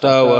tawa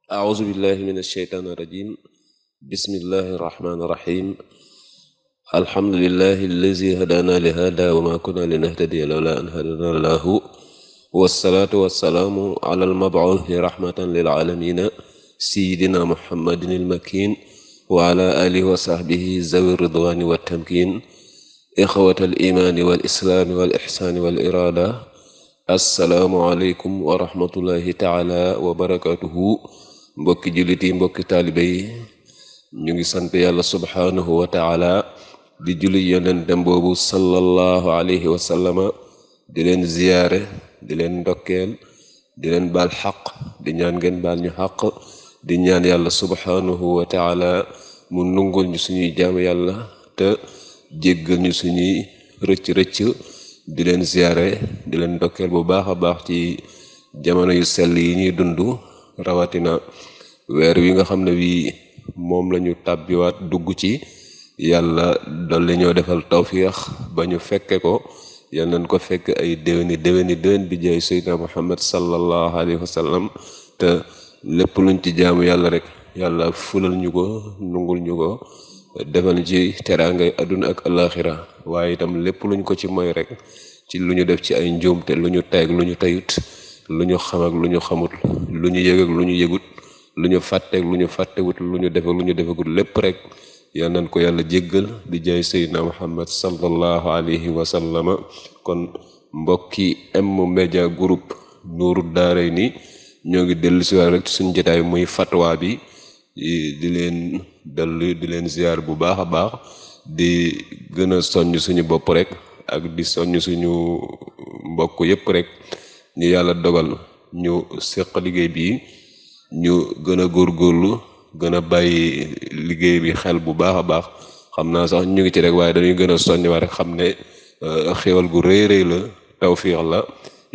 أعوذ بالله من الشيطان الرجيم بسم الله الرحمن الرحيم الحمد لله الذي هدانا لهذا وما كنا لنهتدي لولا أن هدانا الله والصلاة والسلام على المبعوث رحمة للعالمين سيدنا محمد المكين وعلى آله وصحبه ذوي الرضوان والتمكين إخوة الإيمان والإسلام والإحسان والإرادة السلام عليكم ورحمة الله تعالى وبركاته mbokki jullit yi mbokki taalibe yi ñu ngi sant yàlla subhaanahu wa taala di julli dem boobu sallallahu alayhi wa di leen ziyaare di leen ndokkeel di leen baal xaq di ñaan ngeen baal ñu xaq di ñaan yàlla subhaanahu wa taala mu nungul ñu suñuy jaam yàlla te jéggal ñu suñuy rëcc-rëcc di leen ziyaare di leen ndokkeel bu baax a baax ci jamono yu sell yi ñuy dund rawatina weer wi nga xam ne wii moom la ñu tàbbiwaat dugg ci yàlla dolli ñoo defal tawfiix ba ñu fekkee ko yal nañ ko fekk ay déwéni déwéni déwén bi jaay seydina muhammad sallallahu alayhi wa sallam te lépp luñ ci jaamu yàlla rek yàlla fulal ñu ko nungul ñu ko defal ci teraangay àdduna ak alaxira waaye itam lépp luñ ko ci moy rek ci lu ñu def ci ay njuumte lu ñu teg lu ñu tayut lu ñu xam lu ñu xamut lu ñu yëg lu ñu yëgut lu ñu fàtteeg lu ñu fàttewut lu ñu defe lu ñu defegut lépp rek yal nañ ko yàlla jéggal di jaay seydina muhammad sallallahu alayhi wa sallama kon mbokki M-Media Group Nuuru nii ñoo ngi dellu si rek suñ jotaay muy fatwa bi di leen dellu di leen ziar bu baax a baax di gën a soññ suñu bopp rek ak di soññ suñu mbokk yépp rek ñu yàlla dogal ñu seq liggéey bii ñu gën a góorgóorlu gën a bàyyi liggéey bi xel bu baax a baax xam naa sax ñu ngi ci rek waaye dañuy gën a soññiwaat rek xam ne euh, xéwal gu rëy rëy la tawfiix la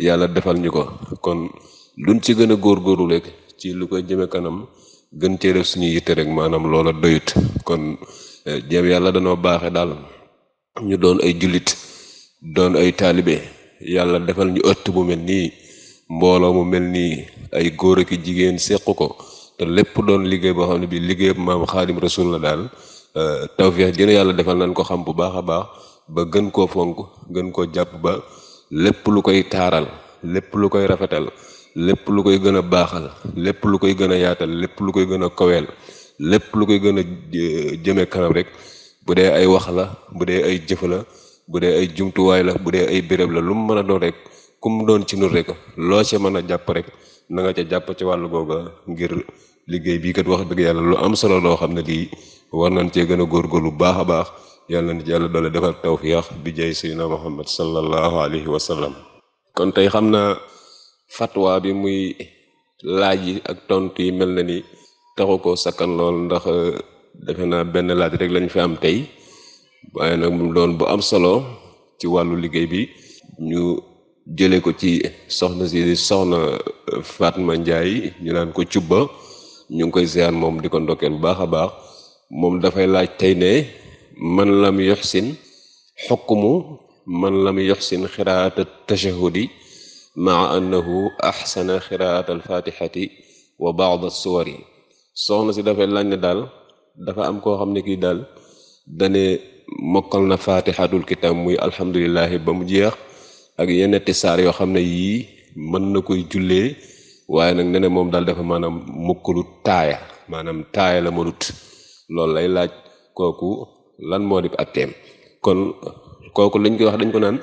yàlla defal ñu ko kon luñ ci gën a góorlu rek ci lu koy jëme kanam gën cee def suñu yitte rek maanaam loola doyut kon euh, jéem yàlla danoo baaxe daal ñu doon ay jullit doon ay taalibe yàlla defal ñu ëtt bu mel nii mbooloo mu mel nii ay góor ak jigéen séq ko te lépp doon liggéey boo xam ne bi liggéeyam maam xaadim rasul la daal euh, tawfeex dina yàlla defal nañ ko xam bu baax a baax ba gën koo fonk gën koo jàpp ba lépp lu koy taaral lépp lu koy rafetal lépp lu koy gën a baaxal lépp lu koy gën a yaatal lépp lu koy gën a koweel lépp lu koy gën a e, jëme kanam rek bu dee ay wax la bu dee ay jëf la bu dee ay jumtuwaay la bu dee ay béréb la lu mu mën a doon rek ku mu doon ci nur rek loo ci mën a jàpp rek na nga ca jàpp ci wàllu googa ngir liggéey bii kat wax dëgg yàlla lu am solo loo xam ne lii war nañ cee gën a góorgóorlu bu baax a baax yàlla na ci yàlla doole defal tawfiix bi jay sayyidina Muhammad sallallahu alayhi wa sallam kon tey xam na fatwa bi muy laaj yi ak tontu yi mel na ni taxu ko sakkan lool ndax euh, defe naa benn laaj rek lañ fi am tey waaye nag mu doon bu am solo ci wàllu liggéey bi ñu jële ko ci soxna si soxna euh, Fatma Ndiaye ñu naan ko cubba ñu ngi koy ziar moom di ko ndokkeel bu baax a baax moom dafay laaj tey ne man lam yuxsin xukmu man lam yuxsin xiraata tashahudi maa annahu axsana xiraata alfatixati wa baad suwari si dafay laaj daal dafa am koo xam ne kii daal dane mokkal na fatixatul kitaab muy alhamdulilahi ba mu jeex ak yenn ti tisaar yoo xam ne yii mën na koy jullee waaye nag ne ne moom daal dafa maanaam mukkalu taaya maanaam taaya la mënut loolu lay laaj kooku lan moo di atteem kon kooku lañ koy wax dañ ko naan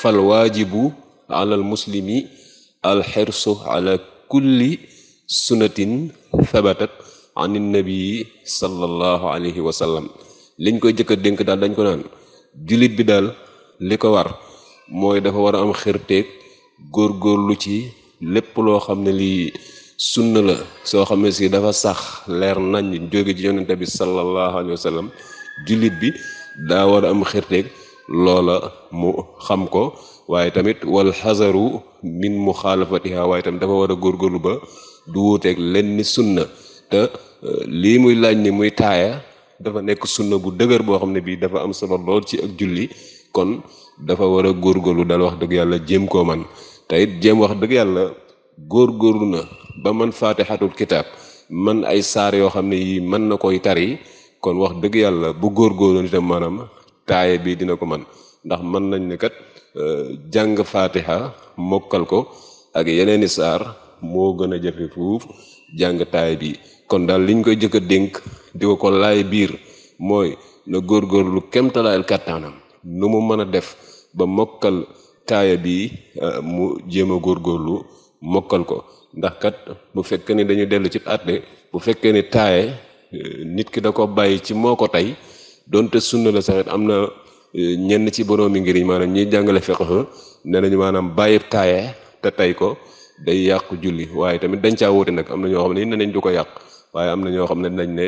fal waajibu alal muslimi al xirsu ala kulli sunnatin sabatat an nabii sallallahu alayhi wa sallam liñ koy jëkk a dénk daal dañ ko naan jullit bi daal li ko war mooy dafa war a am góor góorlu ci lépp loo xam ne lii sunna la soo xam ne si dafa sax leer nañ jóge ci yonente bi sallallahu alayhi wa sallam jullit bi daa war a am xërteeg loola mu xam ko waaye tamit wal xazaru min muxaalafatiha waaye tamit dafa war a góorgóorlu ba du wuuteeg lenn sunna te eh, lii muy laaj ni muy taaya dafa nekk sunna bu dëgër boo xam ne bii dafa am solo lool ci ak julli kon dafa war a góor góorlu dal wax dëgg yàlla jéem koo man te it jéem wax dëgg yàlla góor góorgóorlu na ba man faatixatul kitaab man ay saar yoo xam ne yii mën na koy tari kon wax dëgg yàlla bu góor góorgóorlu itam maanaam taaye bii dina ko man ndax mën nañ ne kat euh, jàng faatixa mokkal ko ak yeneeni saar moo gën a jafe fuuf jàng taay bi kon daal liñ koy jëkk a dénk di ko ko laay biir mooy na góor góor lu kemtalaayal kàttaanam nu mu mën a def ba mokkal kaaya bi euh, mu jéem a góorlu mokkal ko ndax kat bu fekkee ni dañu dellu ci àtte bu fekkee ni taaye euh, nit ki da ko bàyyi ci moo ko tey donte sunna la saxit am na euh, ñenn ci boroomi ngir maanaam ñuy jàngale fiqh ne nañu maanaam bàyyi taaye te ko day yàqu julli waaye tamit dañ caa nag am na ñoo xam ne nañ du ko yàq waaye am na ñoo xam ne dañ ne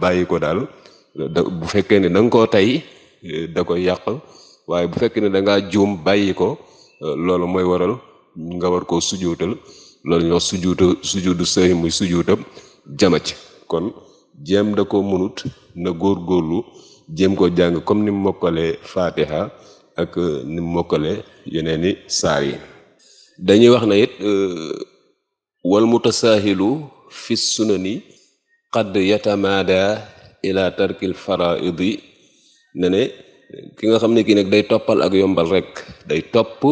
bàyyi ko daal bu fekkee ni da koo tey da ko yàqu waaye bu fekkee ne danga ngaa juum bàyyi ko euh, loolu mooy waral nga war koo sujootal loolu ñuy wax sujuuta sujuudu sëy muy sujuutam jama ci kon jéem da ko mënut na góor-góorlu jéem ko jàng comme ni mu mokkalee faatiha ak euh, ni mu mokkalee yeneen i saar yi dañuy wax na it euh, wal mutasaahilu fi sunani qad yatamaada ila tarkil faraidi ne ki nga xam ne kii nag day toppal ak yombal rek day topp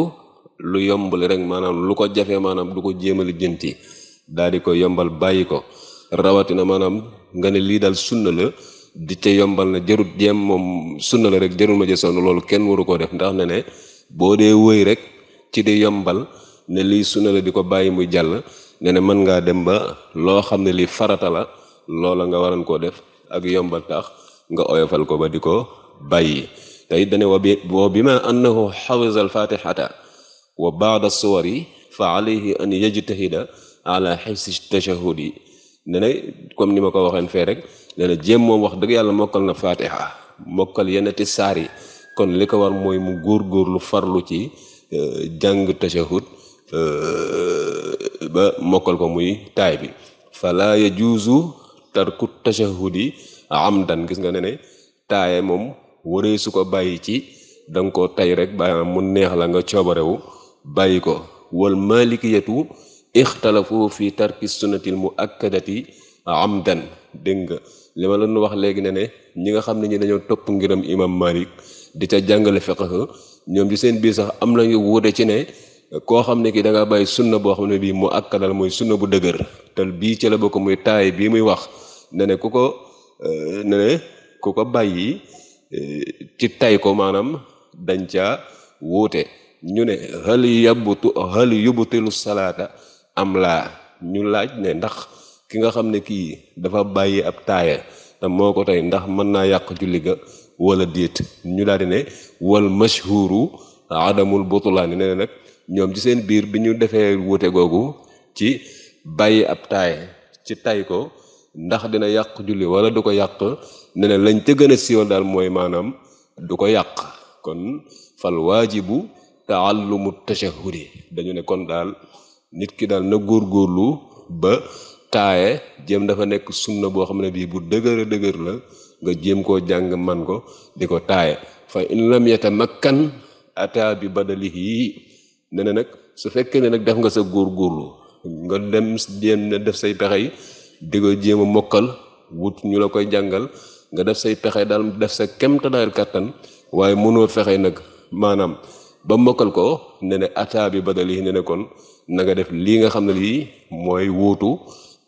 lu yombali rek maanaam lu ko jafee maanaam du ko jéem a lijjanti daal di ko yombal bàyyi ko rawatina maanaam nga ne lii daal sunna la di ca yombal na jarut jéem moom sunna rek jarut ma jësoon loolu kenn waru koo def ndax ne ne boo dee wëy rek ci di yombal ne lii sunna di ko bàyyi muy jàll ne ne mën ngaa dem ba loo xam ne lii farata la loola nga waran koo def ak yombal tax nga oyofal ko ba di ko bàyyi tey dane wa bi wa bima annahu xafisa alfatixata wa baada da fa alayhi an yajtahida ala xifsi tashahudi ne na comme ni ma ko waxee fee rek ne na moom wax dëgg yàlla mokkal na fatiha mokkal yeneti saar yi kon li ko war mooy mu góor góorgóorlu farlu ci euh, jàng tashahud euh, ba mokkal ko muy taay bi fala yajuuzu tarku tashahudi amdan gis nga ne ne moom waree su ko bàyyi ci danga ko tay rek ba mu neex la nga coobarewu bàyyi ko wal malikiyatu ixtalafu fi tarki sunnatil mu akkadati amdan dégg nga li ma leen wax léegi ne ne ñi nga xam ne ñi dañoo topp ngiram imam malik di ca jàngale fiqh ñoom ci seen biir sax am nañu wuute ci ne koo xam ne ki da nga bàyyi sunna boo xam ne bii mu akkadal mooy sunna bu dëgër te bii ci la bokk muy taay bii muy wax ne ne ku ko euh, ne ne ku ko bàyyi ci tay ko maanaam dañ caa wuute ñu ne hal yabtu salaata am laa ñu laaj ne ndax ki nga xam ne kii dafa bàyyi ab taaya te moo ko tey ndax mën naa yàq julli ga wala déet ñu daal di ne wal mashhuru adamul butulaani ne nag ñoom ci seen biir bi ñu defee wuute googu ci bàyyi ab taaya ci tay ko ndax dina yàq julli wala du ko yàq ne ne lañ te gën a siiwal daal mooy maanaam du ko yàq kon fal waajibu taallumu tashahudi dañu ne kon daal nit ki daal na góorgóorlu ba taaye jéem dafa nekk sunna boo xam ne bii bu dëgër dëgër la nga jéem koo jàng man ko di ko taaye fa in lam kan ataa bi badalihi ne ne nag su fekkee ne nag def nga sa góorgóorlu nga dem jéem ne def say pexe yi di ko jéem a mokkal wut ñu la koy jàngal nga def say pexe daal def sa kemtalaayal kàttan waaye mënoo fexe nag maanaam ba mokkal ko ne ne ataa bi badal yi ne ne kon na def lii nga xam ne lii mooy wuutu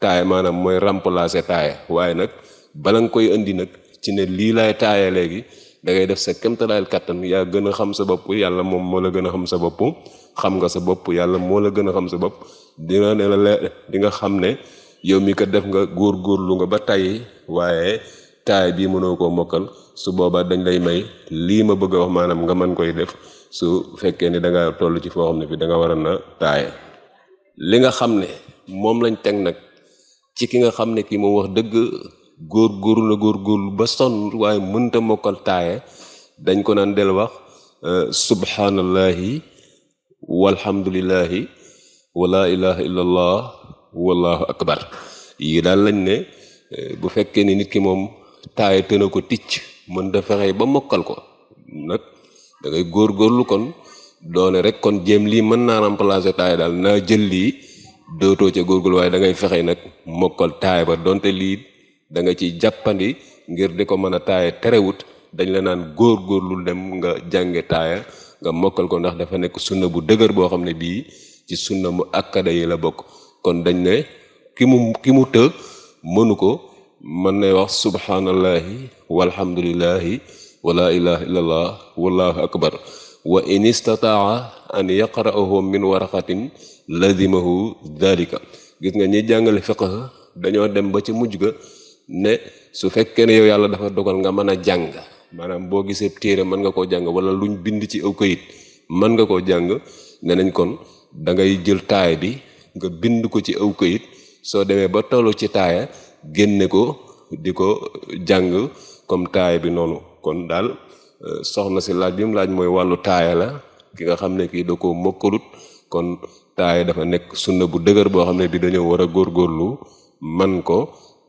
taay maanaam mooy remplacer taay waaye nag bala nga koy indi nag ci ne lii laay taayee léegi da ngay def sa kemtalaayal kàttan yaa gën a xam sa bopp yàlla moom moo la gën a xam sa bopp xam nga sa bopp yàlla moo la gën a xam sa bopp dina ne la di nga xam ne yow mi ko def nga góor góorlu nga ba tàyyi waaye taay bii mënoo koo mokkal su boobaa dañ lay may lii ma bëgg a wax maanaam nga mën koy def su fekkee ni da nga toll ci foo xam ne fi da war a na taaye li nga xam ne moom lañ teg nag ci ki nga xam ne kii moom wax dëgg góor góorlu na góor góorlu ba sonn waaye mënta mokkal taaye dañ ko naan del wax euh, subhanallahi walhamdulillahi wala ilaha illallah wallahu akbar yii daal lañ ne eh, bu fekkee ni nit ki moom taay tëna ko ticc mën da fexe ba mokkal ko nag dangay góor-góorlu kon doone rek kon jéem lii mën naa remplacer taay daal naa jël lii dootoo ca góorgóorlu waaye dangay ngay fexe nag mokkal taay ba donte lii danga nga ci jàppandi ngir di ko mën a taaye terewut dañ la naan góor-góorlu dem nga jànge taaya nga mokkal ko ndax dafa nekk sunna bu dëgër boo xam ne bii ci sunna mu akkada yi la bokk kon dañ ne ki mu ki mu tëgg mënu ko mën nay wax subhaanallahi walhamdulillah walla illah illallah wallahu akbar wa in istataa an yaqra'ahu min waraqatin lazimahu dalika gis nga ñi jàngale fiqh dañoo dem ba ci mujj ga ne su fekkee ne yow yàlla dafa dogal nga mën a jàng maanaam boo gisee téere mën nga koo jàng wala luñ bind ci aw kayit mën nga koo jàng ne nañ kon da jël taay bi nga bind ko ci aw këyit soo demee ba tollu ci taaya génne ko di ko jàng comme taaya bi noonu kon daal euh, soxna si laaj bi mu laaj mooy wàllu taaya la ki nga xam ne kii da koo mokkalut kon taaya dafa nekk sunna bu dëgër boo xam ne bi dañoo war a góorgóorlu man ko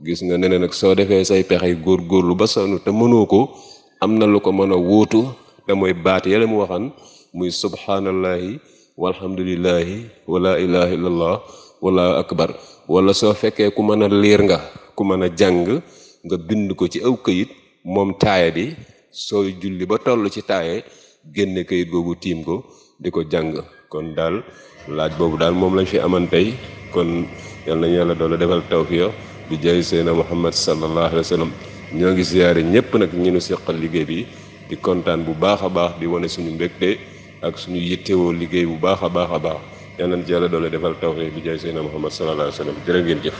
gis nga ne nag soo defee say góor góorgóorlu ba sonn te mënoo ko am na lu ko mën a wóotu te mooy baat yële mu waxan muy subhaanallahi walhamdulilahi wala ilaha illallah wala akbar wala soo fekkee ku mën a liir nga ku mën a jàng nga bind ko ci aw këyit moom taaya bi sooy julli ba toll ci taaye génne kayit googu tiim ko di ko jàng kon daal laaj boobu daal moom lañ fi aman tey kon yal nañu yàlla doole defal tawfiya bi jaay seena muhammad sallallahu alayhi wa sallam ñoo ngi ziyaare ñépp nag ñu nu seqal liggéey bi di kontaan bu baax a baax di wane suñu mbégte ak suñu yittewoo liggéey bu baax a baax a baax yal nañ ci doole defal tawfeex bi jaay Seydina Muhammad sallallahu alayhi wa sallam jërë ngeen jëf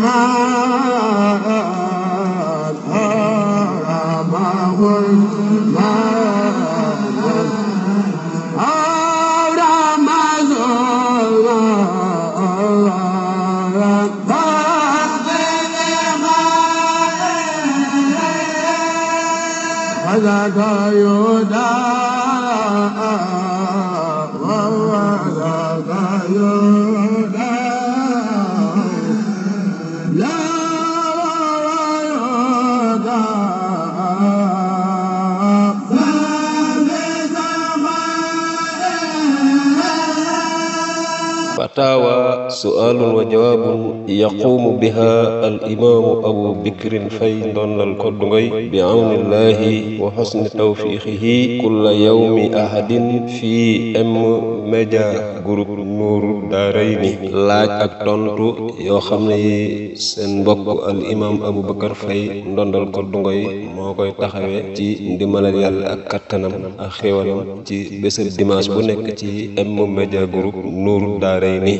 ma لك يدعى وهو لك يدعى fataawa su'aalun wa jawaabun yaquumu biha al imaamu abu bikrin fay ndondal koddu ngoy bi awnillaahi wa xosni tawfiixihi kulla yawmi ahadin fii M Media Group nuuru daarayni laaj ak tontu yoo xam ne seen mbokk al abu Aboubacar Faye ndondal ko dungo yi moo koy taxawee ci ndimbalal yàlla ak kattanam ak xéwalam ci bésëb dimanche bu nekk ci M Media Group nuuru daarayni